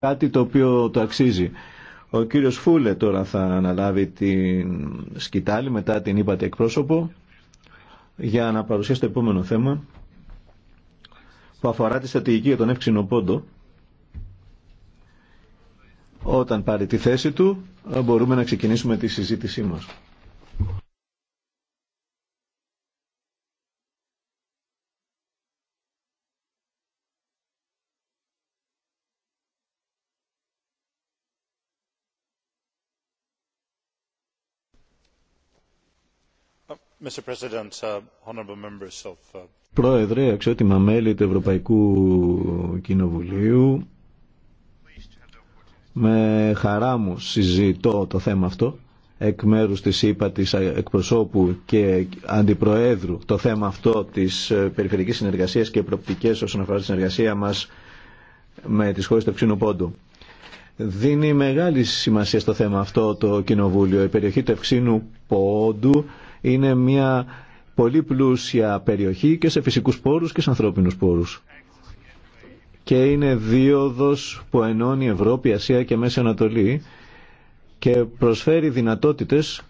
κάτι το οποίο το αξίζει. Ο κύριος Φούλε τώρα θα αναλάβει την σκητάλη μετά την είπατε εκπρόσωπο για να παρουσιάσει το επόμενο θέμα που αφορά τη στρατηγική για τον εύξηνο πόντο. Όταν πάρει τη θέση του μπορούμε να ξεκινήσουμε τη συζήτησή μας. Uh, uh, Πρόεδρε, αξιότιμα μέλη του Ευρωπαϊκού Κοινοβουλίου, με χαρά μου συζητώ το θέμα αυτό εκ μέρους της ΥΠΑ ΕΕ, της εκπροσώπου και αντιπροέδρου το θέμα αυτό της ε, περιφερειακής συνεργασίας και προπτικές όσον αφορά τη συνεργασία μας με τις χώρες του Ευξήνου Πόντου. Δίνει μεγάλη σημασία στο θέμα αυτό το Κοινοβούλιο. Η περιοχή του Ευξήνου Πόντου είναι μια πολύ πλούσια περιοχή και σε φυσικούς πόρους και σε ανθρώπινους πόρους. Και είναι δίωδος που ενώνει Ευρώπη, Ασία και Μέση Ανατολή και προσφέρει δυνατότητες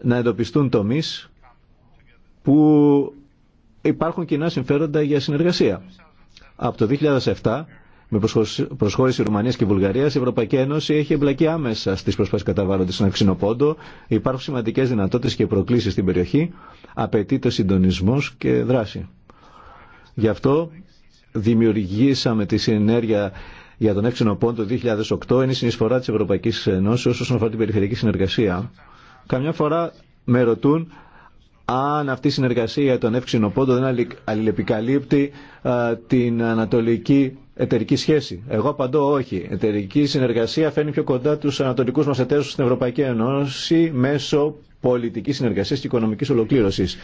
να εντοπιστούν τομείς που υπάρχουν κοινά συμφέροντα για συνεργασία. Από το 2007 με προσχώρηση Ρουμανίας και Βουλγαρία, η Ευρωπαϊκή Ένωση έχει εμπλακεί άμεσα στι προσπάθειε καταβάλλοντα στον Πόντο. Υπάρχουν σημαντικέ δυνατότητε και προκλήσει στην περιοχή. Απαιτείται συντονισμό και δράση. Γι' αυτό δημιουργήσαμε τη συνέργεια για τον έξινο πόντο 2008 είναι η συνεισφορά της Ευρωπαϊκής Ενώσης όσον αφορά την περιφερειακή συνεργασία. Καμιά φορά με ρωτούν αν αυτή η συνεργασία των εύξηνο πόντο δεν αλληλεπικαλύπτει την ανατολική εταιρική σχέση. Εγώ απαντώ όχι. Η εταιρική συνεργασία φέρνει πιο κοντά τους ανατολικούς μας εταίρους στην Ευρωπαϊκή Ένωση μέσω πολιτικής συνεργασίας και οικονομικής ολοκλήρωσης.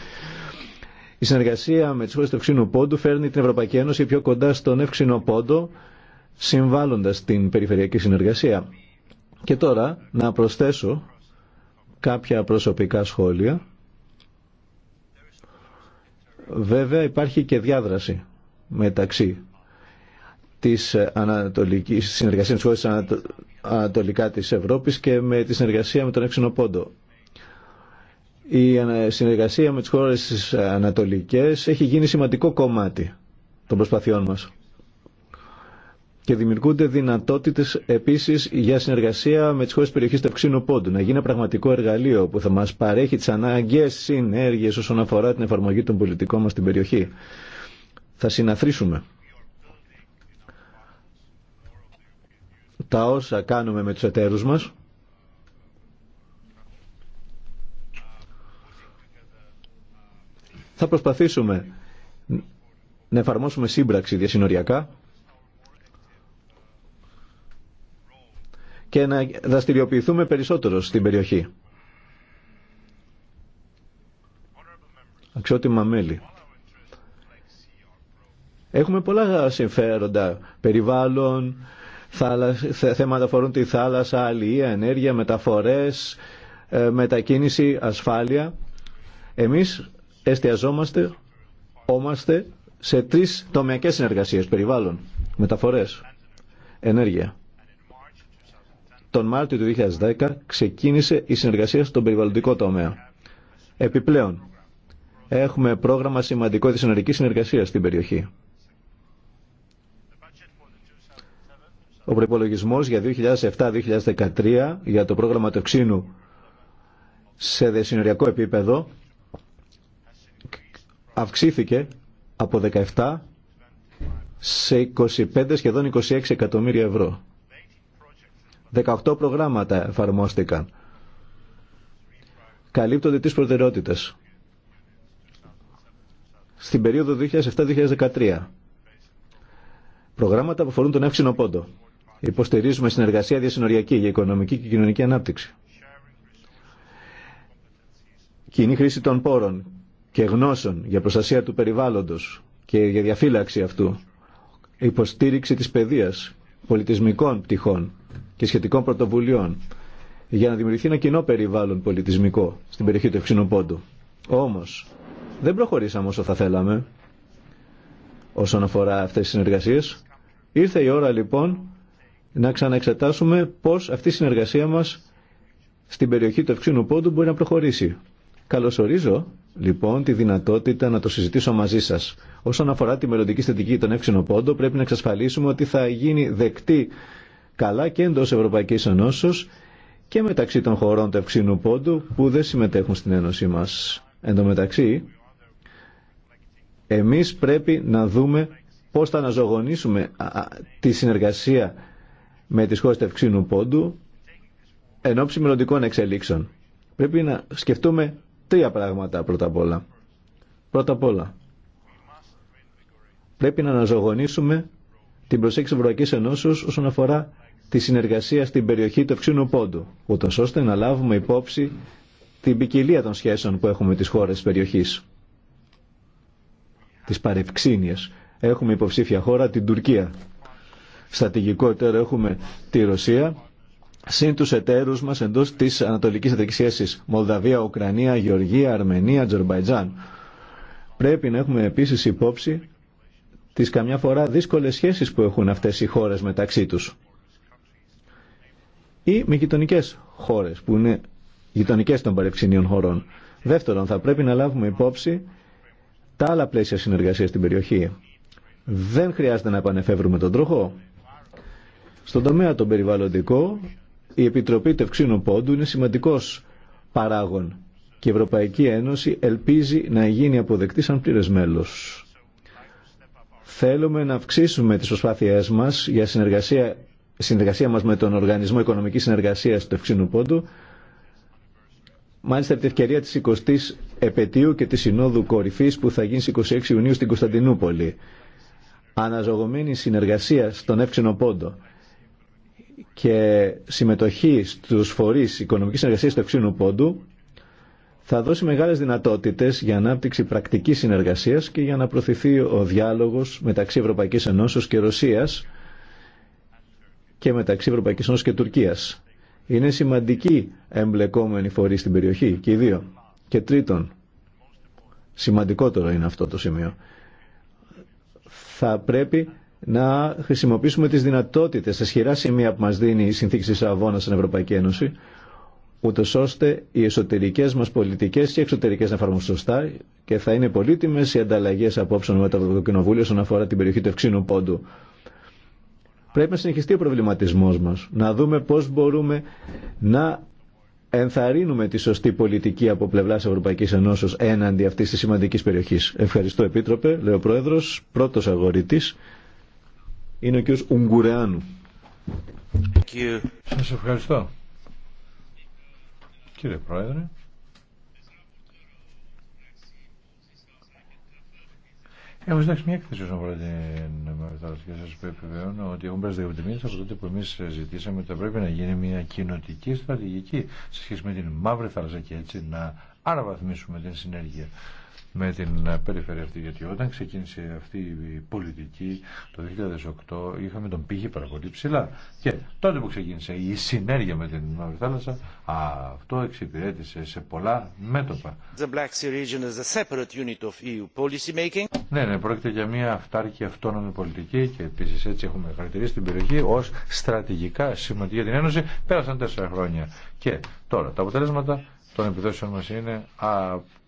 Η συνεργασία με τις χώρες του Ευξήνου Πόντου φέρνει την Ευρωπαϊκή Ένωση πιο κοντά στον Ευξήνο Πόντο, συμβάλλοντας την περιφερειακή συνεργασία. Και τώρα να προσθέσω κάποια προσωπικά σχόλια Βέβαια υπάρχει και διάδραση μεταξύ της ανατολικής συνεργασίας της χώρας ανατολικά της Ευρώπης και με τη συνεργασία με τον έξινο πόντο. Η συνεργασία με τις χώρες ανατολικές έχει γίνει σημαντικό κομμάτι των προσπαθειών μας και δημιουργούνται δυνατότητε επίση για συνεργασία με τι χώρε περιοχή του Ευξήνου Πόντου. Να γίνει ένα πραγματικό εργαλείο που θα μα παρέχει τι ανάγκε συνέργειε όσον αφορά την εφαρμογή των πολιτικών μα στην περιοχή. Θα συναθρήσουμε τα όσα κάνουμε με τους εταίρους μας θα προσπαθήσουμε να εφαρμόσουμε σύμπραξη διασυνοριακά και να δραστηριοποιηθούμε περισσότερο στην περιοχή. Αξιότιμα μέλη. Έχουμε πολλά συμφέροντα, περιβάλλον, θέματα αφορούν τη θάλασσα, αλληλεία, ενέργεια, μεταφορές, ε, μετακίνηση, ασφάλεια. Εμείς εστιαζόμαστε όμαστε σε τρεις τομεακές συνεργασίες, περιβάλλον, μεταφορές, ενέργεια. Τον Μάρτιο του 2010 ξεκίνησε η συνεργασία στον περιβαλλοντικό τομέα. Επιπλέον, έχουμε πρόγραμμα σημαντικό της συνεργικής συνεργασίας στην περιοχή. Ο προπολογισμό για 2007-2013 για το πρόγραμμα του ξύνου σε δεσυνοριακό επίπεδο αυξήθηκε από 17 σε 25 σχεδόν 26 εκατομμύρια ευρώ. 18 προγράμματα εφαρμόστηκαν. Καλύπτονται τις προτεραιότητες. Στην περίοδο 2007-2013. Προγράμματα που αφορούν τον εύξηνο πόντο. Υποστηρίζουμε συνεργασία διασυνοριακή για οικονομική και κοινωνική ανάπτυξη. Κοινή χρήση των πόρων και γνώσεων για προστασία του περιβάλλοντος και για διαφύλαξη αυτού. Υποστήριξη της παιδείας, πολιτισμικών πτυχών και σχετικών πρωτοβουλειών για να δημιουργηθεί ένα κοινό περιβάλλον πολιτισμικό στην περιοχή του Ευξηνοπόντου. Όμω, δεν προχωρήσαμε όσο θα θέλαμε όσον αφορά αυτέ τι συνεργασίε. Ήρθε η ώρα λοιπόν να ξαναεξετάσουμε πώ αυτή η συνεργασία μα στην περιοχή του Ευξήνου Πόντου μπορεί να προχωρήσει. Καλωσορίζω λοιπόν τη δυνατότητα να το συζητήσω μαζί σα. Όσον αφορά τη μελλοντική στρατηγική των Ευξήνου πρέπει να εξασφαλίσουμε ότι θα γίνει δεκτή καλά και εντό Ευρωπαϊκής Ενώσεω και μεταξύ των χωρών του Ευξήνου Πόντου που δεν συμμετέχουν στην Ένωσή μα. Εν τω μεταξύ, εμείς πρέπει να δούμε πώς θα αναζωογονήσουμε τη συνεργασία με τις χώρες του Ευξήνου Πόντου εν ώψη μελλοντικών εξελίξεων. Πρέπει να σκεφτούμε τρία πράγματα πρώτα απ' όλα. Πρώτα απ' όλα, πρέπει να αναζωογονήσουμε την προσέγγιση Ευρωπαϊκή Ενώσεω όσον αφορά τη συνεργασία στην περιοχή του Ευξήνου Πόντου, ούτω ώστε να λάβουμε υπόψη την ποικιλία των σχέσεων που έχουμε με τι χώρε τη περιοχή. τις παρευξήνιες. Έχουμε υποψήφια χώρα την Τουρκία. Στρατηγικότερο έχουμε τη Ρωσία, συν τους εταίρους μας εντός της Ανατολικής Αττικής Μολδαβία, Ουκρανία, Γεωργία, Αρμενία, Τζορμπαϊτζάν. Πρέπει να έχουμε επίσης υπόψη τις καμιά φορά δύσκολες σχέσεις που έχουν αυτές οι χώρες μεταξύ τους ή με γειτονικέ χώρε που είναι γειτονικέ των παρευξηνίων χωρών. Δεύτερον, θα πρέπει να λάβουμε υπόψη τα άλλα πλαίσια συνεργασία στην περιοχή. Δεν χρειάζεται να επανεφεύρουμε τον τροχό. Στον τομέα τον περιβαλλοντικό, η Επιτροπή Τευξίνου Πόντου είναι σημαντικό επιτροπη τευξινων ποντου ειναι σημαντικο παραγων και η Ευρωπαϊκή Ένωση ελπίζει να γίνει αποδεκτή σαν πλήρε μέλο. Θέλουμε να αυξήσουμε τις προσπάθειές μας για συνεργασία συνεργασία μας με τον Οργανισμό Οικονομικής Συνεργασίας του Ευξήνου Πόντου, μάλιστα από την ευκαιρία της 20ης επαιτίου και της Συνόδου Κορυφής που θα γίνει στις 26 Ιουνίου στην Κωνσταντινούπολη. Αναζωογωμένη συνεργασία στον Εύξηνο Πόντο και συμμετοχή στους φορείς οικονομικής συνεργασίας του Ευξήνου Πόντου θα δώσει μεγάλες δυνατότητες για ανάπτυξη πρακτικής συνεργασίας και για να προωθηθεί ο διάλογος μεταξύ Ευρωπαϊκής Ενώσεως και Ρωσίας και μεταξύ Ευρωπαϊκή Ένωση και Τουρκία. Είναι σημαντική εμπλεκόμενη φορή στην περιοχή και οι δύο. Και τρίτον, σημαντικότερο είναι αυτό το σημείο, θα πρέπει να χρησιμοποιήσουμε τις δυνατότητες, τα σχηρά σημεία που μας δίνει η συνθήκη της Αβώνας στην Ευρωπαϊκή Ένωση, ούτω ώστε οι εσωτερικές μας πολιτικές και εξωτερικέ εξωτερικές να εφαρμοστούν σωστά και θα είναι πολύτιμες οι ανταλλαγές απόψεων με το Κοινοβούλιο όσον αφορά την περιοχή του Ευξήνου Πόντου. Πρέπει να συνεχιστεί ο προβληματισμός μας, να δούμε πώς μπορούμε να ενθαρρύνουμε τη σωστή πολιτική από πλευράς Ευρωπαϊκής Ενώσεως έναντι αυτής της σημαντικής περιοχής. Ευχαριστώ, Επίτροπε. Λέω Πρόεδρο, πρώτο αγορητή είναι ο κ. Ουγγουρεάνου. Σας ευχαριστώ. Κύριε Πρόεδρε, Έχω ε, συντάξει μια έκθεση όσον αφορά την μεταφράση και σα επιβεβαιώνω ότι έχουν περάσει 15 μήνε από τότε που εμεί ζητήσαμε ότι θα πρέπει να γίνει μια κοινοτική στρατηγική σε σχέση με την μαύρη θάλασσα και έτσι να αναβαθμίσουμε την συνέργεια με την περιφέρεια αυτή, γιατί όταν ξεκίνησε αυτή η πολιτική το 2008 είχαμε τον πύχη πάρα πολύ ψηλά. Και τότε που ξεκίνησε η συνέργεια με την Μαύρη Θάλασσα, αυτό εξυπηρέτησε σε πολλά μέτωπα. Ναι, ναι, πρόκειται για μια αυτάρκη αυτόνομη πολιτική και επίσης έτσι έχουμε χαρακτηρίσει την περιοχή ως στρατηγικά σημαντική για την Ένωση. Πέρασαν τέσσερα χρόνια και τώρα τα αποτελέσματα των επιδόσεων μας είναι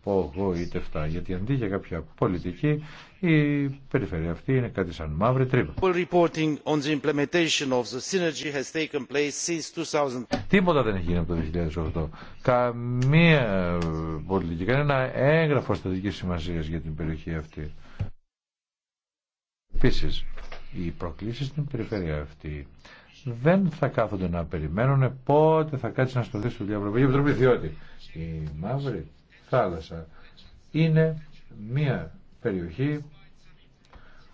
7. Γιατί αντί για κάποια πολιτική, η περιφέρεια αυτή είναι κάτι σαν μαύρη τρύπα. Τίποτα δεν έχει γίνει από το 2008. Καμία πολιτική, κανένα έγγραφο στατικής σημασίας για την περιοχή αυτή. Επίση, οι προκλήσει στην περιφέρεια αυτή δεν θα κάθονται να περιμένουν πότε θα κάτσει να στοθεί στο Ευρωπαϊκή Επιτροπή, διότι η μαύρη θάλασσα. Είναι μια περιοχή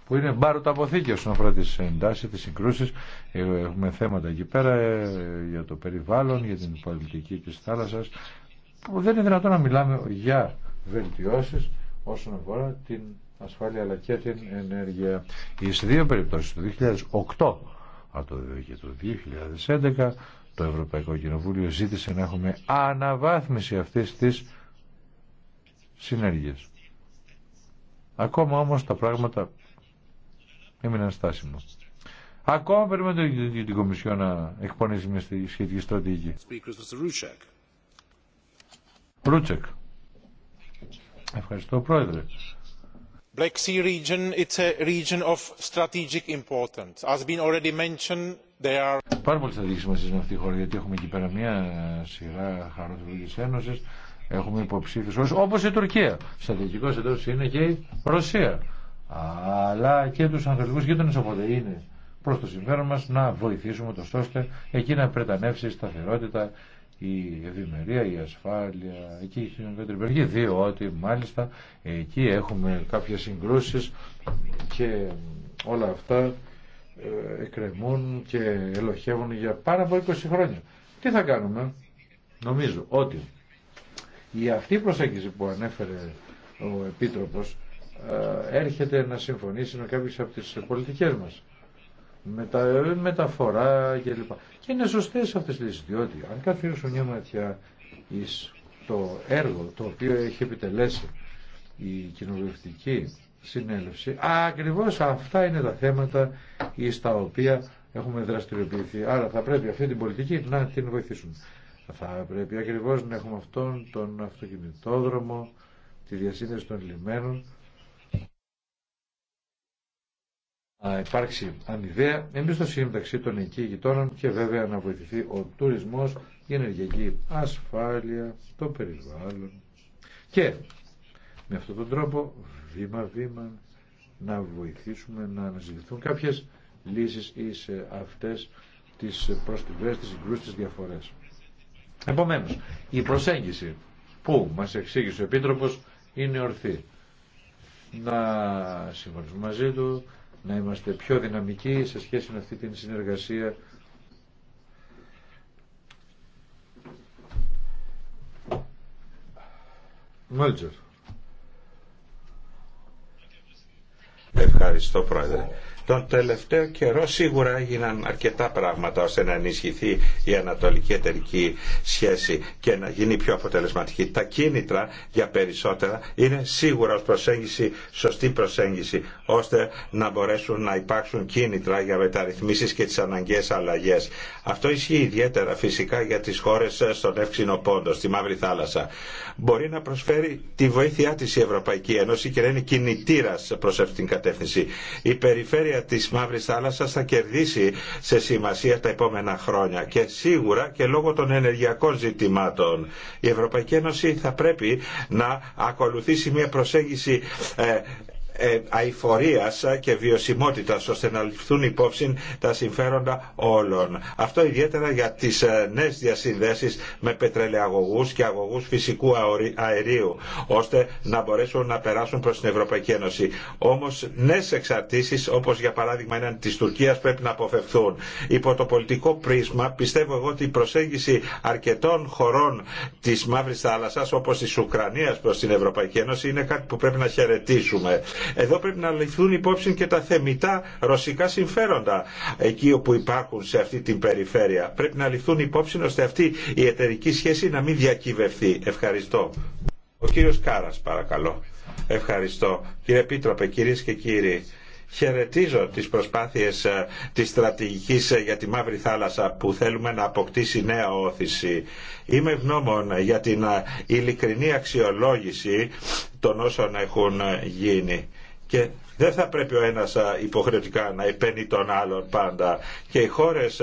που είναι μπάρο τα αποθήκια όσον αφορά τις εντάσεις, τις συγκρούσεις. Έχουμε θέματα εκεί πέρα ε, για το περιβάλλον, για την πολιτική της θάλασσας. Που δεν είναι δυνατόν να μιλάμε για βελτιώσεις όσον αφορά την ασφάλεια αλλά και την ενέργεια. Οι δύο περιπτώσεις, το 2008 από το και το 2011, το Ευρωπαϊκό Κοινοβούλιο ζήτησε να έχουμε αναβάθμιση αυτής της συνέργειες. Ακόμα όμως τα πράγματα έμειναν στάσιμο. Ακόμα περιμένω την Κομισιό να εκπονήσει μια σχετική στρατηγική. Ρούτσεκ. Ευχαριστώ Πρόεδρε. Black Sea region, it's a region of strategic importance. As been already mentioned, there are... Πάρα πολύ στρατηγική σημασία είναι αυτή η χώρα, γιατί έχουμε εκεί πέρα μια σειρά χαρών της Ένωσης, Έχουμε υποψήφιους Όπω όπως η Τουρκία. στρατηγικός εντός είναι και η Ρωσία. Αλλά και τους ανθρωπικούς γείτονες οπότε είναι προς το συμφέρον μας να βοηθήσουμε το ώστε εκεί να πρετανεύσει η σταθερότητα, η ευημερία, η ασφάλεια, εκεί η κοινωνικότερη διότι μάλιστα εκεί έχουμε κάποιες συγκρούσεις και όλα αυτά ε, εκκρεμούν και ελοχεύουν για πάρα από 20 χρόνια. Τι θα κάνουμε, νομίζω ότι η αυτή προσέγγιση που ανέφερε ο Επίτροπος ε, έρχεται να συμφωνήσει με κάποιες από τις πολιτικές μας. Με τα, μεταφορά κλπ. Και, και είναι σωστές αυτές τις διότι αν καθίσουν μια ματιά εις το έργο το οποίο έχει επιτελέσει η κοινοβουλευτική συνέλευση, ακριβώς αυτά είναι τα θέματα εις τα οποία έχουμε δραστηριοποιηθεί. Άρα θα πρέπει αυτή την πολιτική να την βοηθήσουν. Θα πρέπει ακριβώς να έχουμε αυτόν τον αυτοκινητόδρομο, τη διασύνδεση των λιμένων. Να υπάρξει αμοιβαία εμπιστοσύνη μεταξύ των εκεί γειτόνων και βέβαια να βοηθηθεί ο τουρισμός, η ενεργειακή ασφάλεια, το περιβάλλον. Και με αυτόν τον τρόπο βήμα-βήμα να βοηθήσουμε να αναζητηθούν κάποιες λύσεις ή σε αυτές τις προστιβές, τις συγκρούσεις, τις διαφορές. Επομένως, η προσέγγιση που μας εξήγησε ο Επίτροπος είναι ορθή. Να συμφωνήσουμε μαζί του, να είμαστε πιο δυναμικοί σε σχέση με αυτή την συνεργασία Μέλτζερ. Ευχαριστώ Πρόεδρε. Τον τελευταίο καιρό σίγουρα έγιναν αρκετά πράγματα ώστε να ενισχυθεί η ανατολική εταιρική σχέση και να γίνει πιο αποτελεσματική. Τα κίνητρα για περισσότερα είναι σίγουρα ως προσέγγιση, σωστή προσέγγιση, ώστε να μπορέσουν να υπάρξουν κίνητρα για μεταρρυθμίσεις και τις αναγκαίες αλλαγές. Αυτό ισχύει ιδιαίτερα φυσικά για τις χώρες στον Εύξηνο Πόντο, στη Μαύρη Θάλασσα. Μπορεί να προσφέρει τη βοήθειά της η Ευρωπαϊκή Ένωση και να είναι κινητήρας προς αυτήν την κατεύθυνση. Η περιφέρεια περιφέρεια της Μαύρης Θάλασσας θα κερδίσει σε σημασία τα επόμενα χρόνια και σίγουρα και λόγω των ενεργειακών ζητημάτων. Η Ευρωπαϊκή Ένωση θα πρέπει να ακολουθήσει μια προσέγγιση ε, ε, αηφορίας και βιωσιμότητας ώστε να ληφθούν υπόψη τα συμφέροντα όλων. Αυτό ιδιαίτερα για τις ε, νέες διασυνδέσεις με πετρελαιαγωγούς και αγωγούς φυσικού αερίου ώστε να μπορέσουν να περάσουν προς την Ευρωπαϊκή Ένωση. Όμως νέες εξαρτήσεις όπως για παράδειγμα είναι της Τουρκίας πρέπει να αποφευθούν. Υπό το πολιτικό πρίσμα πιστεύω εγώ ότι η προσέγγιση αρκετών χωρών της Μαύρης Θάλασσας όπως της Ουκρανίας προς την Ευρωπαϊκή Ένωση είναι κάτι που πρέπει να χαιρετήσουμε. Εδώ πρέπει να ληφθούν υπόψη και τα θεμητά ρωσικά συμφέροντα εκεί όπου υπάρχουν σε αυτή την περιφέρεια. Πρέπει να ληφθούν υπόψη ώστε αυτή η εταιρική σχέση να μην διακυβευτεί. Ευχαριστώ. Ο κύριος Κάρας παρακαλώ. Ευχαριστώ. Κύριε Επίτροπε, κυρίες και κύριοι χαιρετίζω τις προσπάθειες ε, της στρατηγικής ε, για τη Μαύρη Θάλασσα που θέλουμε να αποκτήσει νέα όθηση. Είμαι ευγνώμων ε, για την ειλικρινή αξιολόγηση των όσων έχουν γίνει και δεν θα πρέπει ο ένας υποχρεωτικά να επένει τον άλλον πάντα. Και οι χώρες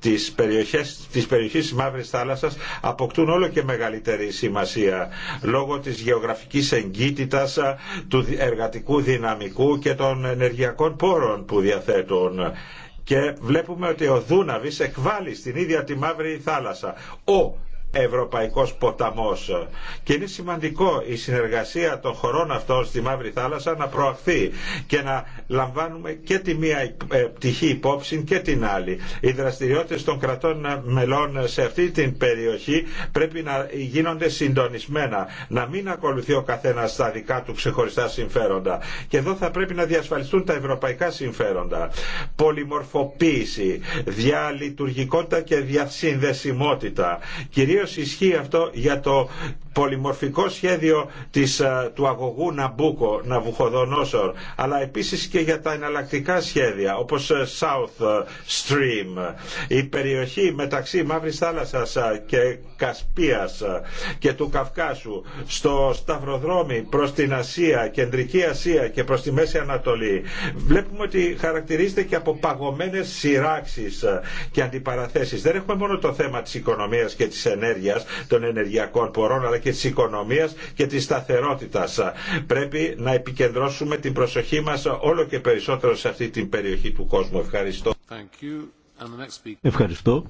της περιοχής, της περιοχής της Μαύρης Θάλασσας αποκτούν όλο και μεγαλύτερη σημασία λόγω της γεωγραφικής εγκύτητας, του εργατικού δυναμικού και των ενεργειακών πόρων που διαθέτουν. Και βλέπουμε ότι ο Δούναβης εκβάλλει στην ίδια τη Μαύρη Θάλασσα. Ο ευρωπαϊκός ποταμός. Και είναι σημαντικό η συνεργασία των χωρών αυτών στη Μαύρη Θάλασσα να προαχθεί και να λαμβάνουμε και τη μία ε, πτυχή υπόψη και την άλλη. Οι δραστηριότητες των κρατών μελών σε αυτή την περιοχή πρέπει να γίνονται συντονισμένα, να μην ακολουθεί ο καθένα στα δικά του ξεχωριστά συμφέροντα. Και εδώ θα πρέπει να διασφαλιστούν τα ευρωπαϊκά συμφέροντα. Πολυμορφοποίηση, διαλειτουργικότητα και διασυνδεσιμότητα ισχύει αυτό για το πολυμορφικό σχέδιο της, του αγωγού Ναμπούκο, Ναβουχοδονόσορ, αλλά επίσης και για τα εναλλακτικά σχέδια, όπως South Stream, η περιοχή μεταξύ Μαύρης Θάλασσας και Κασπίας και του Καυκάσου, στο Σταυροδρόμι προς την Ασία, Κεντρική Ασία και προς τη Μέση Ανατολή, βλέπουμε ότι χαρακτηρίζεται και από παγωμένες σειράξεις και αντιπαραθέσεις. Δεν έχουμε μόνο το θέμα της οικονομίας και της ενέργειας, των ενεργειακών πορών, και της οικονομίας και της σταθερότητας. Πρέπει να επικεντρώσουμε την προσοχή μας όλο και περισσότερο σε αυτή την περιοχή του κόσμου. Ευχαριστώ. Ευχαριστώ.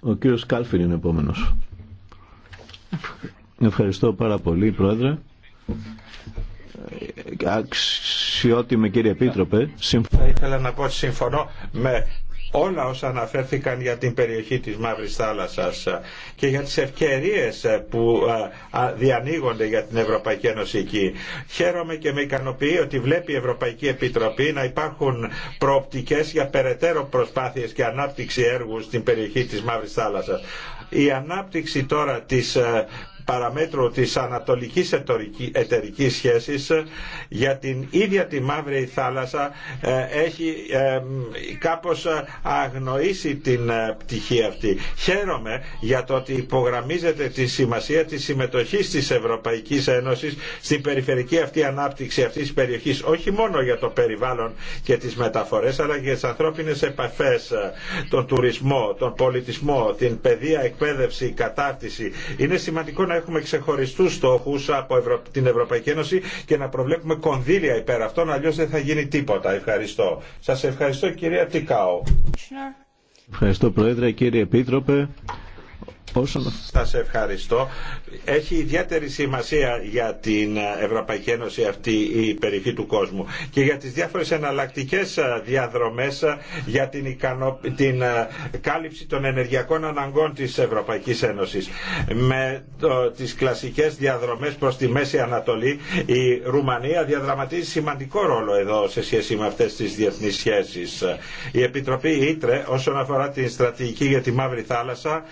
Ο κύριος Κάλφιν είναι επόμενος. Ευχαριστώ πάρα πολύ, Πρόεδρε. Αξιότιμε κύριε Επίτροπε, Θα ήθελα να πω ότι συμφωνώ με όλα όσα αναφέρθηκαν για την περιοχή της Μαύρης Θάλασσας και για τις ευκαιρίες που διανοίγονται για την Ευρωπαϊκή Ένωση εκεί. Χαίρομαι και με ικανοποιεί ότι βλέπει η Ευρωπαϊκή Επιτροπή να υπάρχουν προοπτικές για περαιτέρω προσπάθειες και ανάπτυξη έργου στην περιοχή της Μαύρης Θάλασσας. Η ανάπτυξη τώρα της παραμέτρου της ανατολικής εταιρικής σχέσης για την ίδια τη Μαύρη Θάλασσα ε, έχει ε, κάπως ε, αγνοήσει την πτυχή αυτή. Χαίρομαι για το ότι υπογραμμίζεται τη σημασία της συμμετοχής της Ευρωπαϊκής Ένωσης στην περιφερική αυτή ανάπτυξη αυτής της περιοχής όχι μόνο για το περιβάλλον και τις μεταφορές αλλά και τις ανθρώπινες επαφές, τον τουρισμό, τον πολιτισμό, την παιδεία, εκπαίδευση, κατάρτιση. Είναι σημαντικό να έχουμε ξεχωριστούς στόχου από την Ευρωπαϊκή Ένωση και να προβλέπουμε κονδύλια υπέρ αυτών, Αλλιώ δεν θα γίνει τίποτα. Ευχαριστώ. Σας ευχαριστώ κυρία Τικάου. Ευχαριστώ Πρόεδρε, κύριε Επίτροπε. Σας ευχαριστώ. Έχει ιδιαίτερη σημασία για την Ευρωπαϊκή Ένωση αυτή η περιοχή του κόσμου και για τις διάφορες εναλλακτικέ διαδρομές για την, την ε, κάλυψη των ενεργειακών αναγκών της Ευρωπαϊκής Ένωσης. Με το... τις κλασικές διαδρομές προς τη Μέση Ανατολή η Ρουμανία διαδραματίζει σημαντικό ρόλο εδώ σε σχέση με αυτές τις διεθνείς σχέσεις. Η Επιτροπή Ήτρε όσον αφορά την στρατηγική για τη Μαύρη Θάλασσα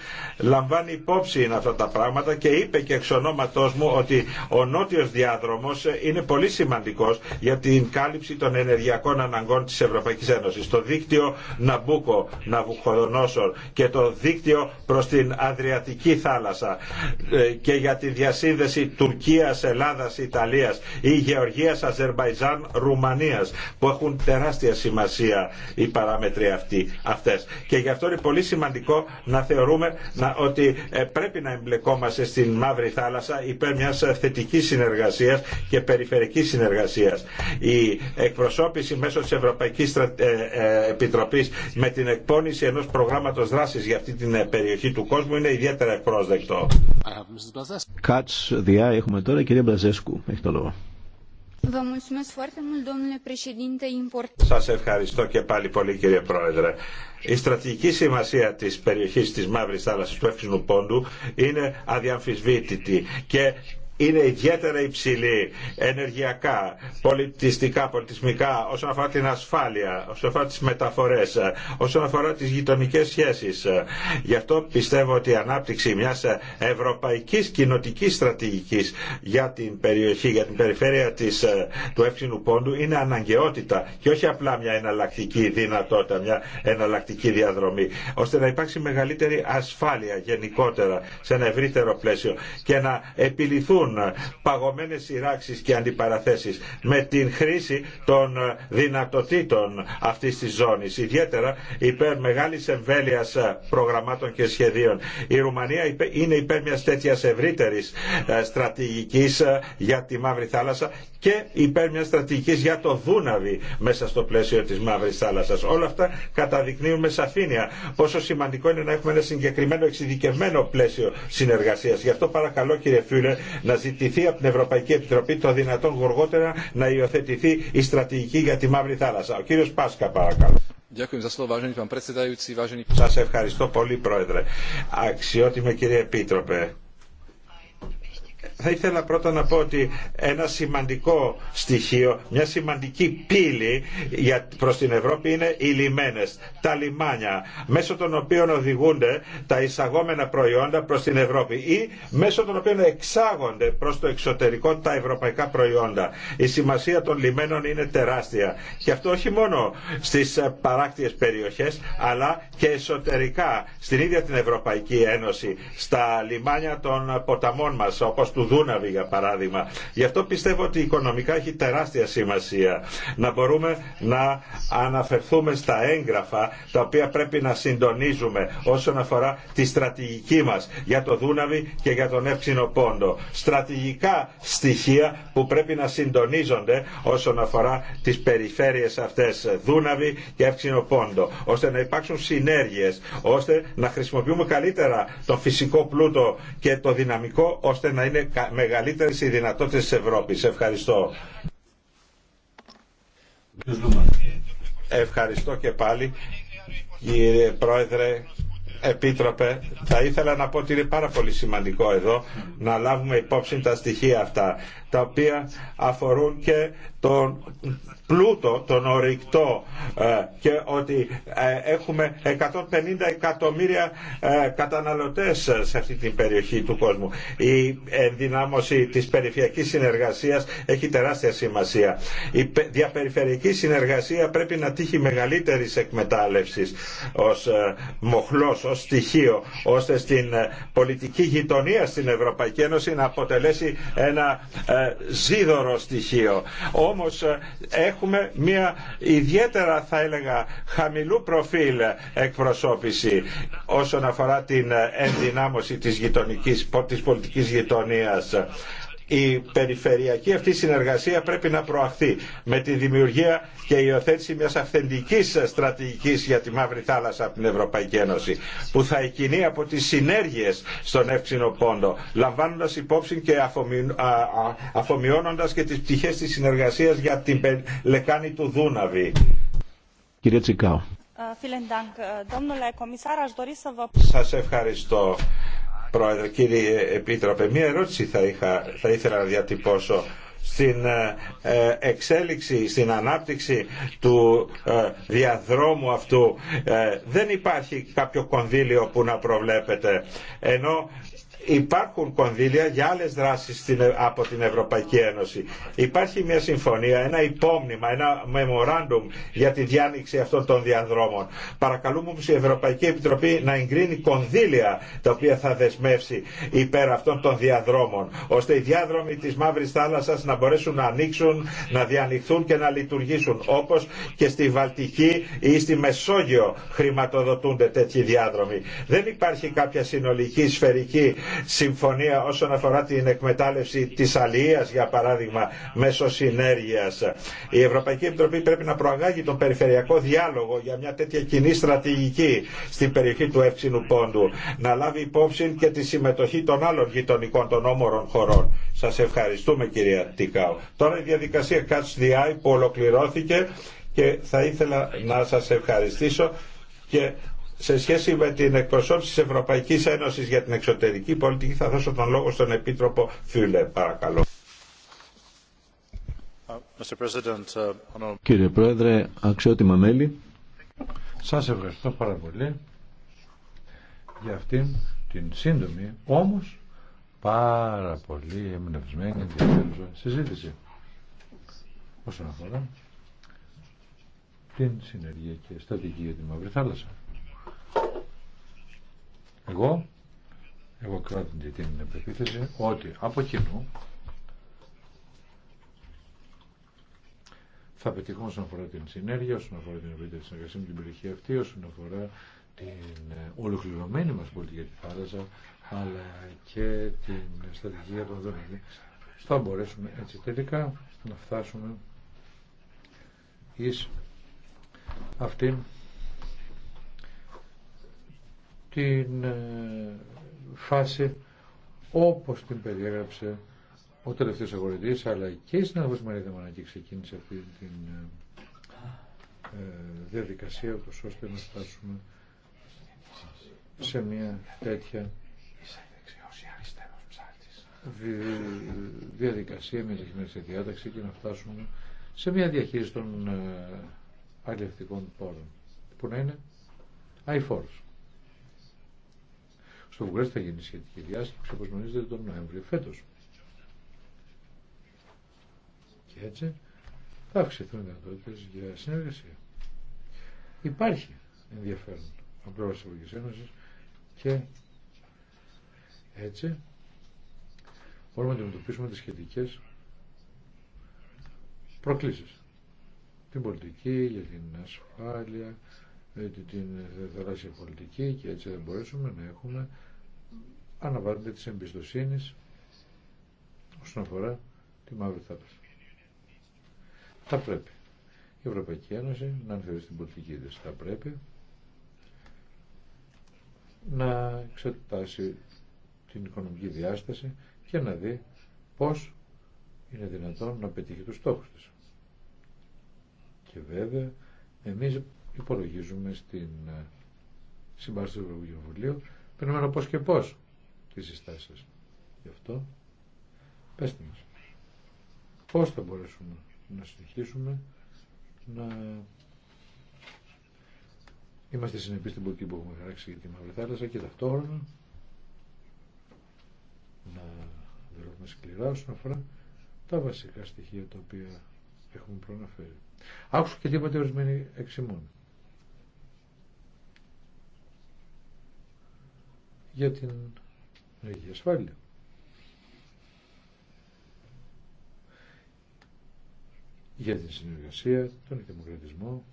λαμβάνει υπόψη είναι αυτά τα πράγματα και είπε και εξ ονόματός μου ότι ο νότιος διάδρομος είναι πολύ σημαντικός για την κάλυψη των ενεργειακών αναγκών της Ευρωπαϊκής Ένωσης. Το δίκτυο Ναμπούκο, Ναβουχοδονόσορ και το δίκτυο προς την Αδριατική θάλασσα ε, και για τη διασύνδεση Τουρκίας, Ελλάδας, Ιταλίας ή Γεωργίας, Αζερβαϊζάν, Ρουμανίας που έχουν τεράστια σημασία οι παράμετροι αυτοί, αυτές. Και γι' αυτό είναι πολύ σημαντικό να θεωρούμε να, ότι ότι ε, πρέπει να εμπλεκόμαστε στην Μαύρη Θάλασσα υπέρ μιας ε, θετικής συνεργασίας και περιφερική συνεργασίας. Η εκπροσώπηση μέσω της Ευρωπαϊκής ε, Επιτροπής με την εκπόνηση ενός προγράμματος δράσης για αυτή την περιοχή του κόσμου είναι ιδιαίτερα ευπρόσδεκτο. Κάτς διά έχουμε τώρα κυρία Μπλαζέσκου. Έχει το σας ευχαριστώ και πάλι πολύ κύριε Πρόεδρε. Η στρατηγική σημασία της περιοχής της Μαύρης Θάλασσας του Εύξηνου Πόντου είναι αδιαμφισβήτητη και είναι ιδιαίτερα υψηλή ενεργειακά, πολιτιστικά, πολιτισμικά, όσον αφορά την ασφάλεια, όσον αφορά τις μεταφορές, όσον αφορά τις γειτονικές σχέσεις. Γι' αυτό πιστεύω ότι η ανάπτυξη μιας ευρωπαϊκής κοινοτικής στρατηγικής για την περιοχή, για την περιφέρεια της, του Εύξηνου Πόντου είναι αναγκαιότητα και όχι απλά μια εναλλακτική δυνατότητα, μια εναλλακτική διαδρομή, ώστε να υπάρξει μεγαλύτερη ασφάλεια γενικότερα σε ένα ευρύτερο πλαίσιο και να επιληθούν ε, παγωμένες σειράξεις και αντιπαραθέσεις με την χρήση των ε, δυνατοτήτων αυτής της ζώνης, ιδιαίτερα υπέρ μεγάλης εμβέλειας ε, προγραμμάτων και σχεδίων. Η Ρουμανία είναι υπέρ μιας τέτοιας ευρύτερης στρατηγικής για τη Μαύρη Θάλασσα και υπέρ μιας στρατηγικής για το Δούναβι μέσα στο πλαίσιο της Μαύρης Θάλασσας. Όλα αυτά καταδεικνύουν με σαφήνεια πόσο σημαντικό είναι να έχουμε ένα συγκεκριμένο εξειδικευμένο πλαίσιο συνεργασίας. Γι' αυτό παρακαλώ κύριε Φίλε να ζητηθεί από την Ευρωπαϊκή Επιτροπή το δυνατόν γοργότερα να υιοθετηθεί η στρατηγική για τη Μαύρη Θάλασσα. Ο κύριος Πάσκα παρακαλώ. Σας ευχαριστώ πολύ Πρόεδρε. Αξιότιμε κύριε Επίτροπε θα ήθελα πρώτα να πω ότι ένα σημαντικό στοιχείο, μια σημαντική πύλη για, προς την Ευρώπη είναι οι λιμένες, τα λιμάνια, μέσω των οποίων οδηγούνται τα εισαγόμενα προϊόντα προς την Ευρώπη ή μέσω των οποίων εξάγονται προς το εξωτερικό τα ευρωπαϊκά προϊόντα. Η σημασία των λιμένων είναι τεράστια και αυτό όχι μόνο στις ε, παράκτιες περιοχές αλλά και εσωτερικά στην ίδια την Ευρωπαϊκή Ένωση, στα λιμάνια των ε, ποταμών μας όπως του Δούναβη για παράδειγμα. Γι' αυτό πιστεύω ότι οικονομικά έχει τεράστια σημασία να μπορούμε να αναφερθούμε στα έγγραφα τα οποία πρέπει να συντονίζουμε όσον αφορά τη στρατηγική μας για το Δούναβη και για τον Εύξηνο Πόντο. Στρατηγικά στοιχεία που πρέπει να συντονίζονται όσον αφορά τις περιφέρειες αυτές Δούναβη και Εύξηνο Πόντο, ώστε να υπάρξουν συνέργειες, ώστε να χρησιμοποιούμε καλύτερα τον φυσικό πλούτο και το δυναμικό, ώστε να είναι μεγαλύτερες οι δυνατότητες της Ευρώπης. Ευχαριστώ. Ευχαριστώ και πάλι κύριε Πρόεδρε, Επίτροπε, θα ήθελα να πω ότι είναι πάρα πολύ σημαντικό εδώ να λάβουμε υπόψη τα στοιχεία αυτά τα οποία αφορούν και τον πλούτο, τον ορυκτό ε, και ότι ε, έχουμε 150 εκατομμύρια ε, καταναλωτές σε αυτή την περιοχή του κόσμου. Η ενδυνάμωση της περιφερειακής συνεργασίας έχει τεράστια σημασία. Η διαπεριφερειακή συνεργασία πρέπει να τύχει μεγαλύτερης εκμετάλλευσης ως μοχλός, ως στοιχείο, ώστε στην πολιτική γειτονία στην Ευρωπαϊκή Ένωση να αποτελέσει ένα ε, ζίδωρο στοιχείο. Όμως ε, έχουμε μια ιδιαίτερα θα έλεγα χαμηλού προφίλ εκπροσώπηση όσον αφορά την ε, ενδυνάμωση της, γειτονικής, της πολιτικής γειτονίας. Η περιφερειακή αυτή συνεργασία πρέπει να προαχθεί με τη δημιουργία και υιοθέτηση μιας αυθεντικής στρατηγικής για τη Μαύρη Θάλασσα από την Ευρωπαϊκή Ένωση που θα εκκινεί από τις συνέργειες στον εύξηνο πόντο λαμβάνοντας υπόψη και αφομοιώνοντας και τις πτυχές της συνεργασίας για την λεκάνη του Δούναβη. Ε, ε, ευχαριστώ Πρόεδρε, κύριε Επίτροπε, μία ερώτηση θα, είχα, θα ήθελα να διατυπώσω στην ε, ε, εξέλιξη, στην ανάπτυξη του ε, διαδρόμου αυτού δεν υπάρχει κάποιο κονδύλιο που να προβλέπεται ενώ υπάρχουν κονδύλια για άλλες δράσεις ε- από την Ευρωπαϊκή Ένωση. Υπάρχει μια συμφωνία, ένα υπόμνημα, ένα memorandum για τη διάνοιξη αυτών των διαδρόμων. Παρακαλούμε όμως η Ευρωπαϊκή Επιτροπή να εγκρίνει κονδύλια τα οποία θα δεσμεύσει υπέρ αυτών των διαδρόμων, ώστε οι διάδρομοι της Μαύρης Θάλασσας να μπορέσουν να ανοίξουν, να διανοηθούν και να λειτουργήσουν, όπως και στη Βαλτική ή στη Μεσόγειο χρηματοδοτούνται τέτοιοι διάδρομοι. Δεν υπάρχει κάποια συνολική σφαιρική συμφωνία όσον αφορά την εκμετάλλευση της αλίας για παράδειγμα μέσω συνέργειας. Η Ευρωπαϊκή Επιτροπή πρέπει να προαγάγει τον περιφερειακό διάλογο για μια τέτοια κοινή στρατηγική στην περιοχή του Εύξηνου Πόντου. Να λάβει υπόψη και τη συμμετοχή των άλλων γειτονικών των όμορων χωρών. Σας ευχαριστούμε κυρία Τικάου. Τώρα η διαδικασία Catch the Eye που ολοκληρώθηκε και θα ήθελα να σας ευχαριστήσω και σε σχέση με την εκπροσώπηση της Ευρωπαϊκής Ένωσης για την εξωτερική πολιτική θα δώσω τον λόγο στον Επίτροπο Φιούλε. Παρακαλώ. Uh, uh, Κύριε Πρόεδρε, αξιότιμα μέλη. Σας ευχαριστώ πάρα πολύ για αυτήν την σύντομη, όμως πάρα πολύ εμπνευσμένη ενδιαφέρουσα συζήτηση όσον αφορά την συνεργειακή στρατηγική για τη Μαύρη Θάλασσα. Εγώ, εγώ κρατώ την πεποίθηση ότι από κοινού θα πετύχουμε όσον αφορά την συνέργεια, όσον αφορά την ευρύτερη συνεργασία με την περιοχή αυτή, όσον αφορά την ε, ολοκληρωμένη μας πολιτική για τη θάλασσα, αλλά και την στρατηγία των τον Θα μπορέσουμε έτσι τελικά να φτάσουμε εις αυτήν την ε, φάση όπως την περιέγραψε ο τελευταίος αγορητής αλλά και η συνάδελφος Μαρία Δεμανάκη ξεκίνησε αυτή τη ε, ε, διαδικασία όπως ώστε να φτάσουμε σε μια τέτοια διαδικασία, μια διαχειριστική διάταξη και να φτάσουμε σε μια διαχείριση των αλληλευτικών πόρων που να είναι αηφόρος. Στο Βουκουρέστι θα γίνει σχετική διάσκεψη, όπως γνωρίζετε, τον Νοέμβριο φέτος. Και έτσι θα αυξηθούν οι δυνατότητες για συνεργασία. Υπάρχει ενδιαφέρον από πλευρά της Ευρωπαϊκής Ένωσης και έτσι μπορούμε να αντιμετωπίσουμε τις σχετικές προκλήσεις. Την πολιτική, για την ασφάλεια, την θεράσια πολιτική και έτσι θα μπορέσουμε να έχουμε αναβάλλονται της εμπιστοσύνης όσον αφορά τη μαύρη θάλασσα. Θα πρέπει η Ευρωπαϊκή Ένωση να ανθεωρήσει την πολιτική της. Θα πρέπει να εξετάσει την οικονομική διάσταση και να δει πώς είναι δυνατόν να πετύχει τους στόχους της. Και βέβαια εμείς υπολογίζουμε στην ε, Συμπάρξη του Ευρωβουλίου περιμένω πώς και πώς τις συστάσεις. Γι' αυτό, πέστε μας, πώς θα μπορέσουμε να συνεχίσουμε να είμαστε συνεπείς στην πολιτική που έχουμε γράψει για τη Μαύρη Θάλασσα και ταυτόχρονα να δουλεύουμε σκληρά όσον αφορά τα βασικά στοιχεία τα οποία έχουμε προναφέρει. Άκουσα και τίποτε ορισμένοι εξημών. για την έχει ασφάλεια. για την συνεργασία, τον δημοκρατισμό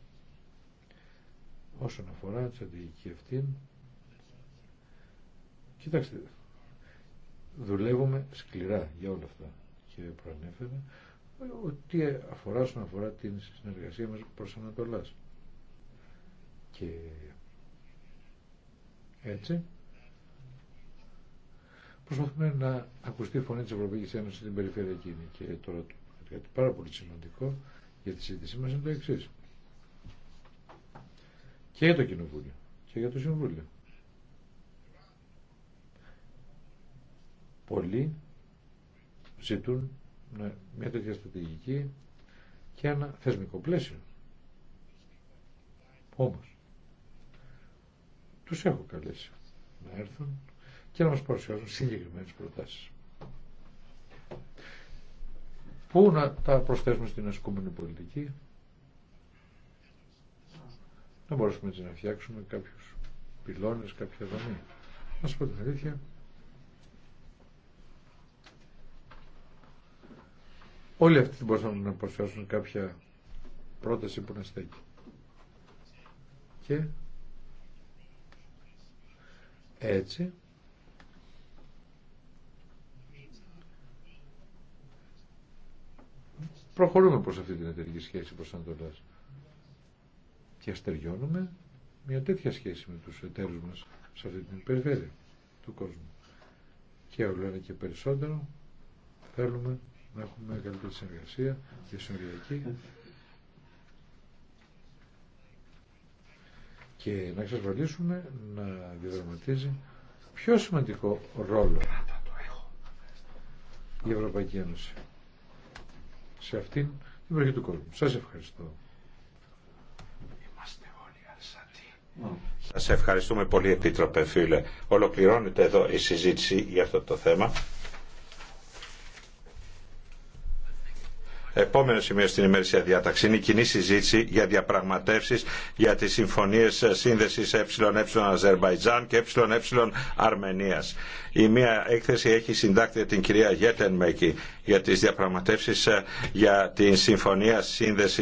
όσον αφορά τη στρατηγική αυτή. Κοιτάξτε, δουλεύουμε σκληρά για όλα αυτά και προανέφερα ότι αφορά όσον αφορά την συνεργασία μας προς Ανατολάς. Και έτσι Προσπαθούμε να ακουστεί η φωνή της Ευρωπαϊκής Ένωσης στην περιφέρεια εκείνη. Και τώρα κάτι πάρα πολύ σημαντικό για τη συζήτησή μας είναι το εξή. Και για το Κοινοβούλιο και για το Συμβούλιο. Πολλοί ζητούν μια τέτοια στρατηγική και ένα θεσμικό πλαίσιο. Όμως, τους έχω καλέσει να έρθουν και να μας παρουσιάσουν συγκεκριμένες προτάσεις. Πού να τα προσθέσουμε στην ασκούμενη πολιτική, να μπορέσουμε έτσι να φτιάξουμε κάποιους πυλώνες, κάποια δομή. Να σας πω την αλήθεια, όλοι αυτοί μπορούσαν να προσφέρουν κάποια πρόταση που να στέκει. Και έτσι προχωρούμε προς αυτή την εταιρική σχέση προς Ανατολάς και αστεριώνουμε μια τέτοια σχέση με τους εταίρους μας σε αυτή την περιφέρεια του κόσμου. Και όλο ένα και περισσότερο θέλουμε να έχουμε καλύτερη συνεργασία και και να εξασφαλίσουμε να διαδραματίζει πιο σημαντικό ρόλο η Ευρωπαϊκή Ένωση σε αυτήν την περιοχή του κόσμου. Σας ευχαριστώ. Είμαστε όλοι αρσατοί. Σας ευχαριστούμε πολύ Επίτροπε φίλε. Ολοκληρώνεται εδώ η συζήτηση για αυτό το θέμα. Επόμενο σημείο στην ημερήσια διάταξη είναι η κοινή συζήτηση για διαπραγματεύσεις για τις συμφωνίες σύνδεσης ΕΕ Αζερβαϊτζάν και ΕΕ Αρμενίας. Η μία έκθεση έχει συντάκτη την κυρία Γέτεν Μέκη για τις διαπραγματεύσεις ε, για την συμφωνία σύνδεσης